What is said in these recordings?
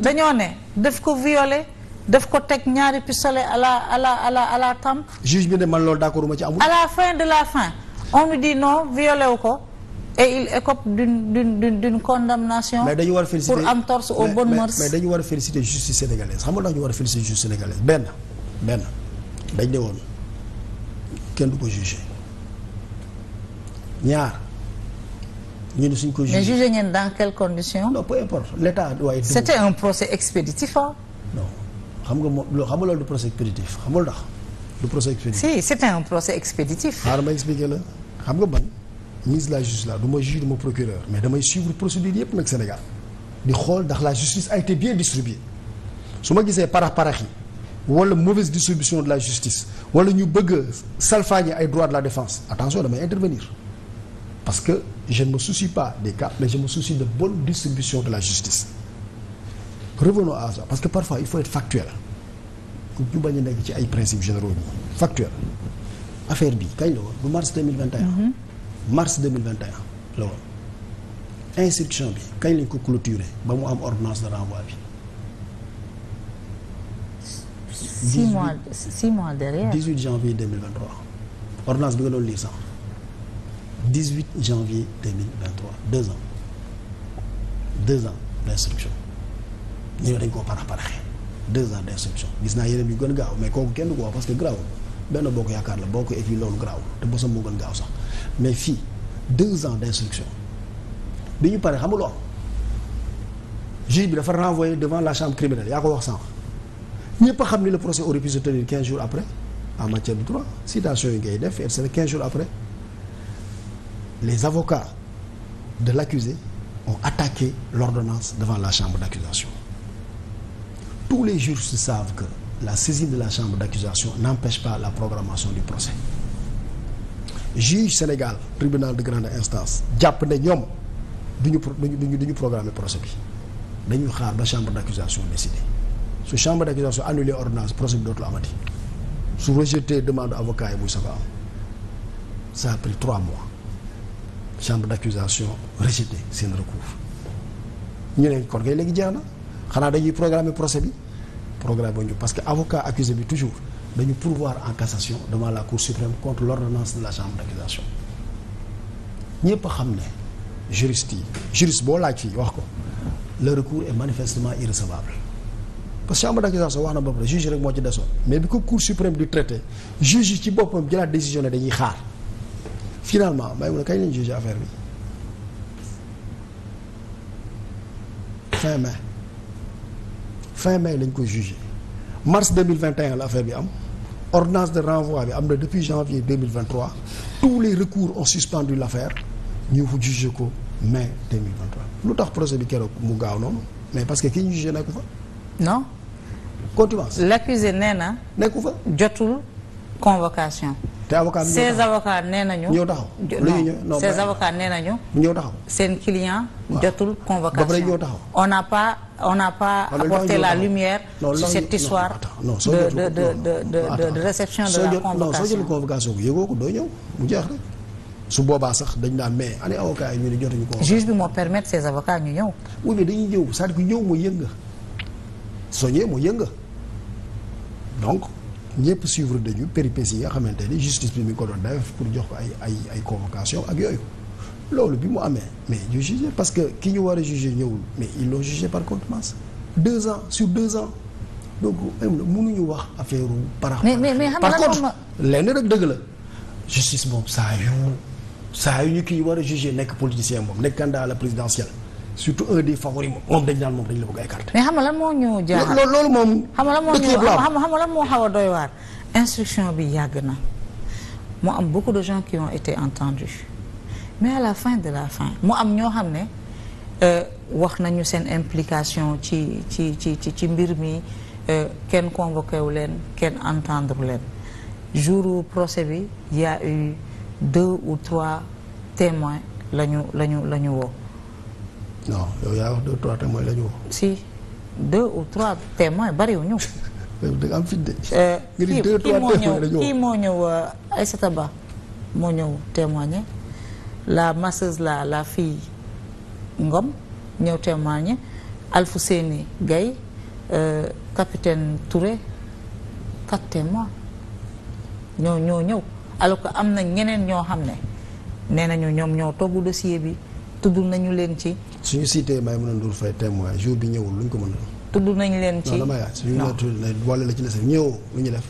dañoo ne daf ko violé daf ko teg ñaari pistolet à la à la à la tempe juge bi ne man loolu d'accord ci amul. à la fin de la fin on nous dit non violé wu ko et il écope d'une d'une d'une condamnation. mais dañu war a féliciter pour entorse aux dañu war a féliciter justice sénégalaise xam nga dañu war a féliciter justice sénégalaise benn benn dañ ne woon kenn du ko jugé ñaar. ñu ne suñ ko jugé mais jugé ngeen dans quelles conditions. non peu importe l' état waaye. c' était un procès expéditif ah. xam nga moom loo xam nga loolu du procès expéditif xam nga lu tax du procès expéditif. si c' était xaaral ma expliqué la xam nga man ministre de la justice la du ma juge du ma procureur mais damay suivre procédure yëpp nag Sénégal di xool ndax la justice a été bien distribuée su ma gisee parax parax yi wala mauvaise distribution de la justice wala ñu bëgg a salfaañe ay droits de la défense attention damay intervenir. parce que je ne me soucie pas des cas mais je me soucie de bonne distribution de la justice revenons à parce que parfois il faut être factuel ñu bañ a nekk ci ay principes généraux yi factuel affaire bi kañ la woon du mars 2021 mhm. mars 2021 la woon instruction bi kañ lañ ko clôturer ba mu am ordinance de renvoi bi six mois six mois derrière 18 janvier 2023 ordonnance bi nga doon lire sax 18 janvier 2023 deux ans deux ans d'instruction ñëw dañ koo parax paraxee deux ans d'instruction gis naa yeneen yu gën gaaw mais kooku kenn du ko wax parce que garaaw benn boo ko yaakaar la boo ko écrit loolu garaaw te bosam moo gën gaaw sax mais fii deux ans d'instruction bi ñu paree xamuloo juge bi dafa renvoyé devant la chambre criminelle yaa ko wax sànq ñëpp xam ni le procès aurait pu se tenir quinze jours après en matière def et c'est quinze jours après les avocats de l'accusé ont attaqué l'ordonnance devant la chambre d'accusation. Tous les juristes savent que la saisine de la chambre d'accusation n'empêche pas la programmation du procès. Juge Sénégal tribunal de grande instance jàpp ne ñoom duñu duñu duñu programmer procès bi dañuy xaar ba chambre d'accusation décidé su chambre d'accusation annulé ordonnance procès bi dootul amati su rejeté demande avocat yi buy sa am ça a trois mois. chambre d'accusation rejeté seen recours ñu ne kon kay léegi jeex na xanaa dañuy programmer procès bi programme ba ñu parce que avocat accusé bi toujours dañu pourvoir en cassation devant la cour suprême contre l'ordonnance de la chambre d'accusation ñëpp a xam ne juriste yi juriste boo laaj fii wax ko le recours est manifestement irrecevable parce que chambre d'accusation wax na ba pare juge rek moo ci desoon mais bi ko cour suprême du traité juge ci dañuy xaar finalement may mun a kañ lañ jugé affaire bi fin mai fin mai lañ ko jugé mars 2021 la affaire bi am ordonnance de renvoi bi am na depuis janvier 2023 tous les recours ont suspendu l'affaire ñu jugé ko mai 2023 lu tax procès bi keroog mu gaaw noonu mais parce que ki ñu jugé nekku fa non contumace l'accusé nee na nekku fa jotul convocation te avocat bi ñëw taxaw nañu. ñëw taxaw lu ñuy ñëw non ces avocats nee nañu. taxaw seen client. jotul convocation on n'a pas on n'a pas apporté la lumière. sur cette histoire de réception de la convocation non doo ñëw mu jeex rek. su boobaa sax dañ naan mais année avocats yi ñu ne jotuñu ko. juge bi moo permettre ces avocats ñu ñëw. oui mais dañuy ñëw c'est-à-dire ñëw mooy yënga soo ñëwee yënga ñëpp suivre dañu péripéties yi nga xamante ni justice bi mi ko doon def pour jox ko ay ay ay convocation ak yooyu loolu bi mu amee mais ñu jugé parce que ki ñu war a jugé ñëwul mais ils l'ont jugé par contumace deux ans sur deux ans donc mënuñu wax affaire u parax par contre lenn rek dëgg la justice moom saa yu saa yu ñu kii war a jugé nekk politicien moom nekk candidat à la présidentielle surtout un des favoris moom dañ naan moom dañ la bëgg a écarter. mais xam moo ñu jaaxal loolu moom. xam moo ñu xam nga lan moo xaw a doy waar. instruction bi yàgg na mu am beaucoup de gens qui ont été entendus mais à la fin de la fin mu am ñoo xam ne euh, wax nañu seen implication ci ci ci ci mbir mi euh, kenn convoqué leen kenn entendre leen jour procès bi y a eu deux ou trois témoins lañu lañu la ñu woo non yow yaa wax deux trois témoins la ñu si deux ou trois témoins bariwuñu. de. Euh, nga ni deux trois kii moo ñëw euh, Aïssata Ba moo ñëw témoigner la masseuse la la fille Ngom ñëw témoigner Alfousseni Gaye euh, capitaine Touré quatre témoins ñoo ñëw alors que am na ñeneen ñoo xam ne nee nañu ñoom ñoo togg dossier bi tudd nañu leen ci. suñu cité Maïmouna Ndour Faye témoin jour bi ñëwul luñ ko mën a. tudd nañ leen ci ñëw lu ñu def.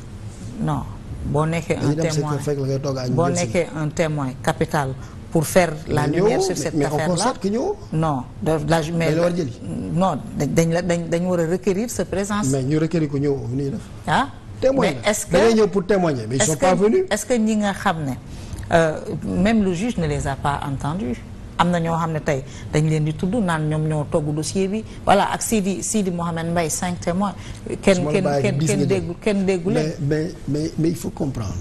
non boo nekkee un témoin fekk la ngay toog a boo nekkee un témoin capital pour faire la lumière sur cette affaire là non de la mais dañ la dañ dañ war a requérir sa présence. mais ñu requérir ko ñëw lu ñuy def. ah mais est-ce que dañuy ñëw pour ce que ñi nga xam ne euh, même le juge ne les a pas entendus. am na ñoo xam ne tey dañ leen di tuddu naan ñoom ñoo togg dossier bi voilà ak Sidi Sidi Mohamed Mbaye cinq témoins kenn kenn kenn kenn déggu kenn déggu leen mais mais mais il faut comprendre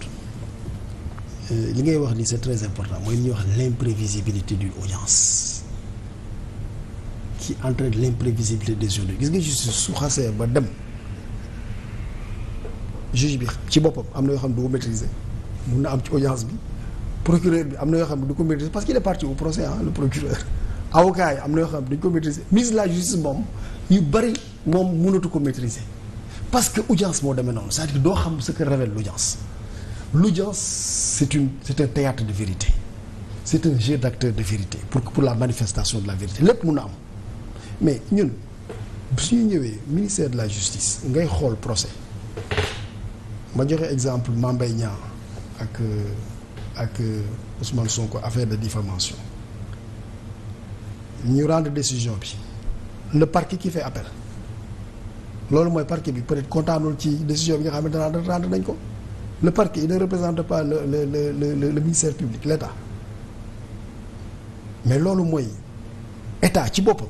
euh, li ngay wax ni c'est très important mooy li ñuy wax l'imprévisibilité d'une audience qui entraîne l'imprévisibilité des journaux gis nga justice su xasee ba dem juge bi ci boppam am na yoo xam ne du ko maîtriser mun na am ci audience bi procureur bi am na yoo xam ne du ko maîtriser parce qu'il est parti au procès ah le procureur avocat am na yoo xam ne dañ ko maîtriser mise la justice moom yu bëri moom mënatu ko maîtriser parce que audience moo demee noonu c'est-à-dire doo xam ce que révèle l'audience l'audience c'est une c'est un théâtre de vérité c'est un jeu d'acteur de vérité pour pour la manifestation de la vérité lépp mun a am mais ñun su ñëwee ministère de la justice ngay xool procès ma joxe exemple Mame Mbaye Niang euh, ak euh, Ousmane Sonko affaire de diffamation ñu rendre décision bi le parquet qui fait appel loolu mooy parquet bi peut-être comptable ci décision bi nga xam ne rendre rendre nañ ko le parquet il ne représente par le le le le le ministère public l'État mais loolu mooy État ci boppam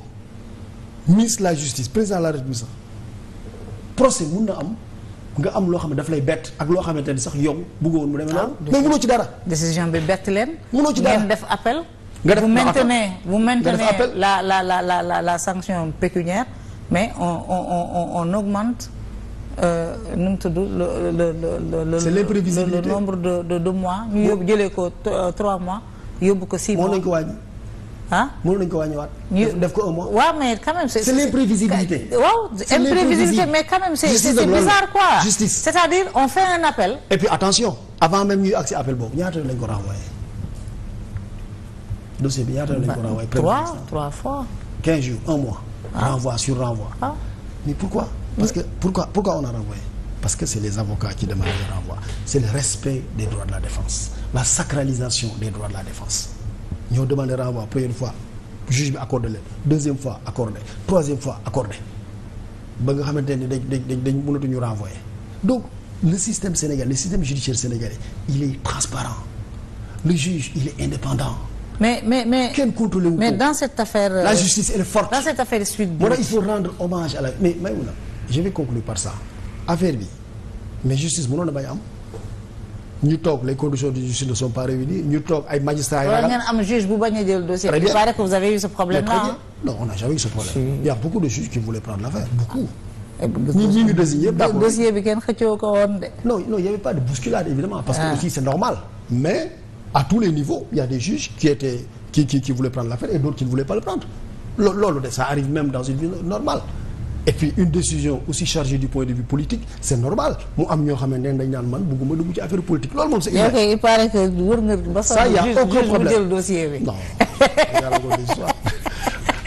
ministre la justice président de la République sax procès mun na am. nga am loo xam ne daf lay bett ak loo xamante ne sax yow bëggoon mu demee ah, noonu. mais mënoo ci dara. décision bi bett leen. mënoo ci dara def appel. nga def appel vous maintenez vous maintenez la la la la la la sanction pécuniaire mais on on on on augmente. Euh, nu mu tudd le le le le. c'est le nombre de de de mois. ñu yóbbu jëlee ko euh, trois mois yóbbu ko six mois. ko wàññi. ah mënoon nañu ko wàññiwaat. def ko un mois. waaw mais quand même c'est l'imprévisibilité. waaw imprévisibilité mais quand même c'est c'est bizarre quoi. justice c'est-à-dire on fait un appel. et puis attention avant même ñuy agsi appel boobu ñaata lañ ko renvoyé dossier bi ñaata lañ ko renvoyé. trois trois fois. quinze jours un mois. Ah. renvoi sur renvoi. Ah. mais pourquoi. parce que pourquoi pourquoi on a renvoyé. parce que c'est les avocats qui demandent le c'est le respect des droits de la défense la sacralisation des droits de la défense. ñoo demandé renvoi première fois juge bi accordé leen deuxième fois accordé troisième fois accordé ba nga xamante ne dañ dañ dañ mënatuñu renvoyer donc le système sénégalais le système judiciaire sénégalais il est transparent le juge il est indépendant. mais mais mais kenn contrôlé wu mais dans cette affaire. la justice elle est forte dans cette affaire suite bi. moo tax il faut rendre hommage à la mais Maïmouna je vais conclure par ça affaire bi mais justice mënoon na bañ am. ñu toog les conditions de justice ne sont pas réunies ñu toog ay magistrats. wala ngeen am juge bu bañ a dossier. très bien non on n'a jamais eu ce problème. il y a beaucoup de juges qui voulaient prendre l'affaire beaucoup. ñi ñi désigné d'accord dossier bi kenn xëccoo ko woon de. non non il y avait pas de bousculade évidemment parce que ah. aussi c'est normal. mais à tous les niveaux il y a des juges qui étaient qui voulaient prendre l'affaire et d'autres qui ne voulaient loolu de ça arrive et une décision aussi chargée du point de vue politique c'est normal mu am ñoo xamante ne dañ naan man bëgguma dugg ci affaire politique loolu moom c'est ok il y a aucun problème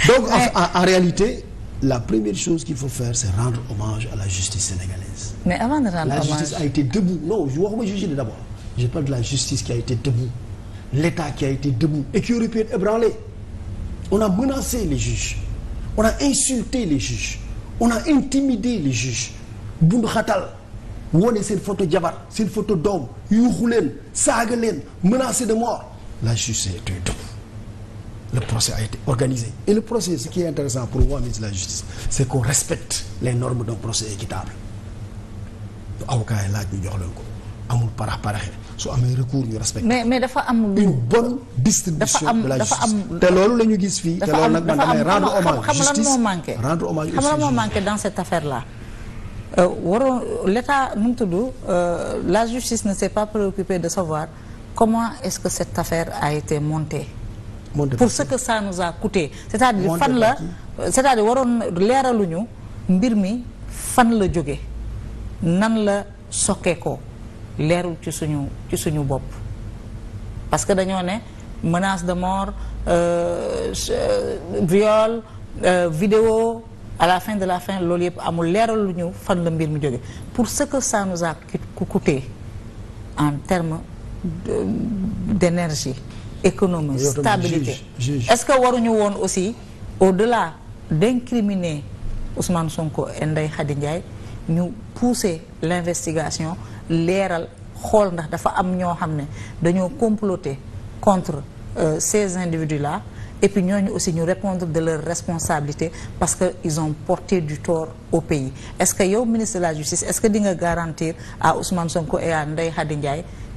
donc en, réalité la première chose qu'il faut faire c'est rendre hommage à la justice sénégalaise de rendre la hommage justice a été debout non waxuma juge de d'abord je parle de la justice qui a été debout l'état qui a été debout et ébranlé on a menacé les juges on a insulté les on a intimidé les juges bundu xatal wone seen photo jabar seen photo doom yuuxu leen saaga leen menacé de mort la justice a été debout le procès a été organisé et le procès ce qui est intéressant pour moi ministre de la justice c'est qu'on respecte les normes d'un procès équitable avocat yi laaj ñu jox leen ko amul parax paraxe su amee mais mais dafa am. une bonne distribution de la justice te loolu la ñu gis fii. te loolu nag man damay rendre hommage justice xam lan moo manqué rendre hommage aussi xam lan moo manqué dans cette affaire là. Euh, waroon euh, la justice ne s' est pas préoccupée de savoir comment est ce que cette affaire a été montée. pour ce que ça nous a coûté. c' est à dire fan la c' est à dire waroon leeraluñu mbir mi fan la jóge nan la sokkee leerul ci suñu ci suñu bopp parce que dañoo ne menace de mort euh, euh, viol euh, vidéo à la fin de la fin loolu yëpp amul leeral lu ñu fan la mbir mi jóge pour ce que ça nous a coûté en termes d'énergie économie stabilité est-ce que waruñu woon aussi au-delà d'incriminer Ousmane Sonko et Ndeye Khady Ndiaye ñu pousser l'investigation leeral xool ndax dafa am ñoo xam ne dañoo comploter contre euh, ces individus là et puis ñooñu aussi ñu répondre de leur responsabilité parce que ils ont porté du tort au pays est-ce que yow ministre la justice est-ce que di nga garantir à Ousmane Sonko et à Ndeye Khady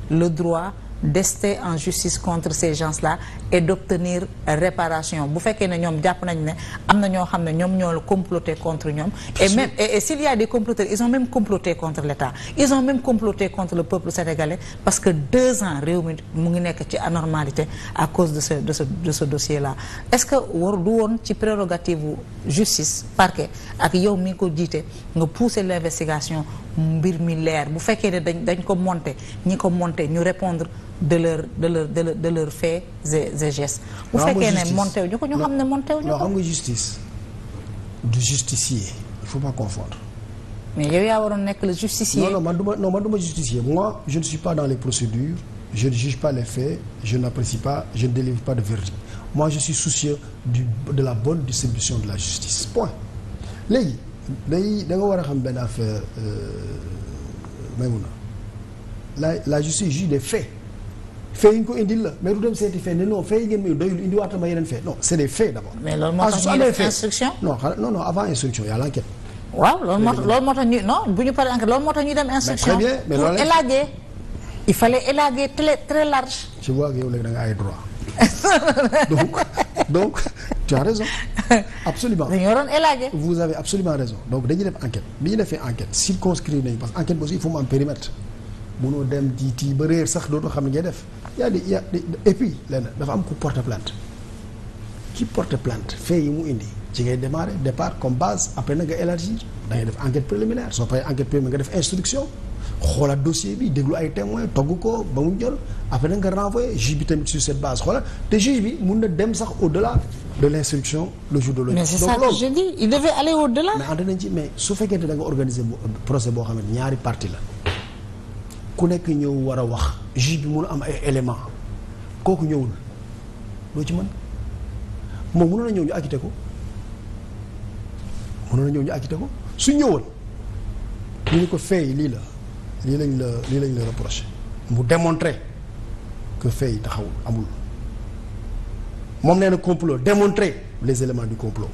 le droit d'ester en justice contre ces gens-là et d'obtenir réparation bu fekkee ne ñoom jàpp nañ ne am na ñoo xam ne ñoom ñoo la comploté contre ñoom et même et, et s'il y a des ils ont même comploté contre l'État ils ont même comploté contre le peuple sénégalais parce que deux ans réew mi mu ngi nekk ci anormalité à cause de ce de ce de ce dossier-là est-ce que war woon ci prérogative justice parquet ak yow mi ko jiite nga pousser l'investigation mbir mi leer bu fekkee ne dañ dañ ko monter ñi ko monter ñu répondre de leur de leur de leur de leur faits et gestes. bu fekkee ne monté ñu ko ñu xam ne monté wu ñu ko. non xam nga justice du justicier il faut pas confondre. mais yow yaa waroon nekk le justicier. non non man du ma non man du ma justicier moi je ne suis pas dans les procédures je ne juge pas les faits je n'apprécie pas je ne délivre pas de verdict moi je suis soucieux de la bonne distribution de la justice point léegi day war a xam benn affaire euh, Maïmouna la la justice juge des faits. fee yi ñu ko indil la mais du dem seeti fee ne non fee yi ngeen may doyul indiwaat ma yeneen fee non c'est des faits d'abord. mais loolu moo ah, tax ñuy def instruction non non non avant y a l'enquête. waaw loolu moo tax ñuy non bu ñu paree enquête loolu moo tax ñuy dem. instruction mais très bien mais loolu élaguer il fallait élaguer très très large. je vois que yow léegi da nga ay droit ñu defee enquête circonscrire nañu parce que enquête boobu il faut mu am périmètre mënoo dem di tii ba réer sax dootoo xam ne def. y a des y dafa am ku porte plainte ki porte plante fee yi mu indi ci ngay démarrer départ comme base après na nga élargir da ngay def enquête préliminaire soo paree enquête préliminaire nga def instruction xoolaat dossier bi déglu ay témoins togg ko ba mu jël après na nga renvoyer juge bi tamit sur cette base te juge bi mun na dem sax au-delà de l'instruction le jour de l'audience. mais c'est ça que je dis il devait aller au-delà. mais ànd nañ ci mais su fekkee da nga organiser procès boo xam ne ñaari partie la ku nekk ñëw war a wax. juge bi mënu am ay éléments kooku ñëwul loo ci man moom mënoon na ñëw ñu acquitté ko mënoon na ñëw ñu acquitté ko su ñëwoon ñu ko feey lii la lii lañ la lii lañ la reproché mu démontrer que feey taxawul amul moom nee na complot démontrer les éléments du complot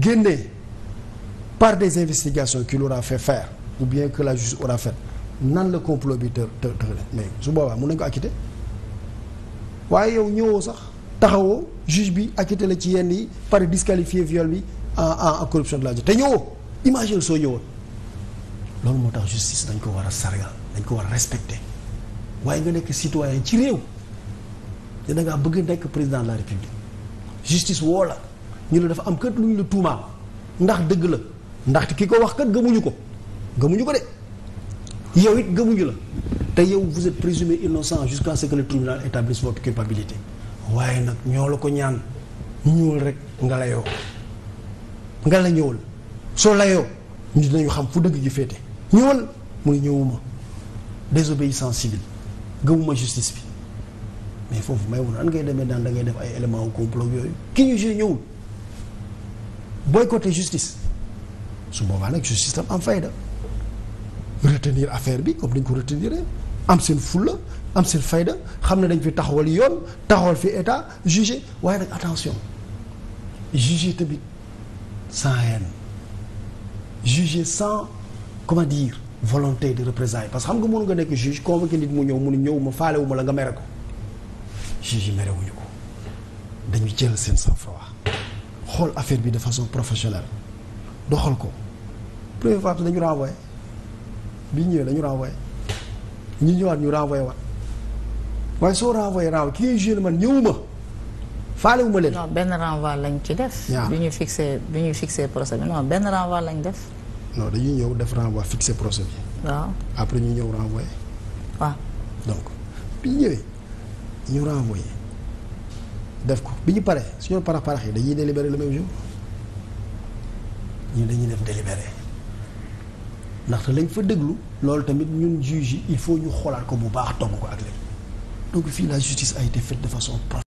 génnee par des investigations qu'il aura fait faire ou bien que la justice aura fait nan la complot bi të të tëxale mais su boobaa mun nañ ko waaye yow ñëwoo sax taxawoo juge bi acquitté la ci yenn yi par disqualifié viol bi en en corruption de l'argent te ñëwoo imagine soo ñëwoon loolu moo tax justice dañ ko war a sargal dañ ko war a respecté waaye nga nekk citoyen ci réew te da ngaa bëgg nekk président de la république justice woo la ñu la def am kat lu ñu la tuumaal ndax dëgg la ndaxte ki ko wax kat gëmuñu ko gëmuñu ko de yow it gëmuñu la te yow vous êtes présumé innocent jusqu'à ce que le tribunal établisse votre culpabilité waaye nag ñoo la ko ñaan ñëwal rek nga layoo nga la ñëwal soo layoo ñu dinañu xam fu dëgg gi féete ñëwal muy ñëwuma désobéissance civile gëmuma justice bi mais foofu may wun an ngay demee daan da ngay def ay élément wu complot yooyu ki ñu jugé ñëwul boycotter justice su boobaa nag justice tam am fayda retenir affaire bi comme dañ ko retenir am seen fulla am seen fayda xam ne dañ fi taxawal yoon taxawal fi état jugé waaye nag attention jugé tamit sans haine jugé sans comment dire volonté de représailles parce que xam nga mënu nga nekk juge convoqué nit mu ñëw mu ñëw ma faale wu la nga mere ko juge yi mere ko dañu jël seen sang-froid xool affaire bi de façon professionnelle doxal ko première bi ñu ñëwee dañu renvoyé ñu ñëwaat ñu renvoyé waat waaye soo renvoyé renvoyé ki ngay jugé man ñëwuma faale wu ma leen. non benn renvoi lañ ci def. waaw bi ñu fixé bi ñu fixé procès bi non benn renvoi lañ def. non dañuy ñëw def renvoi fixé procès bi. waaw après ñu ñëw renvoyé. waaw donc bi ñëwee ñu renvoyé def ko bi ñu paree suñu parax parax yi dañuy délibéré le même jour ñu dañuy def délibéré. ndaxte lañ fa déglu loolu tamit ñun juge il faut ñu xoolaat ko bu baax togg ko ak léegi donc fii la justice a été faite de façon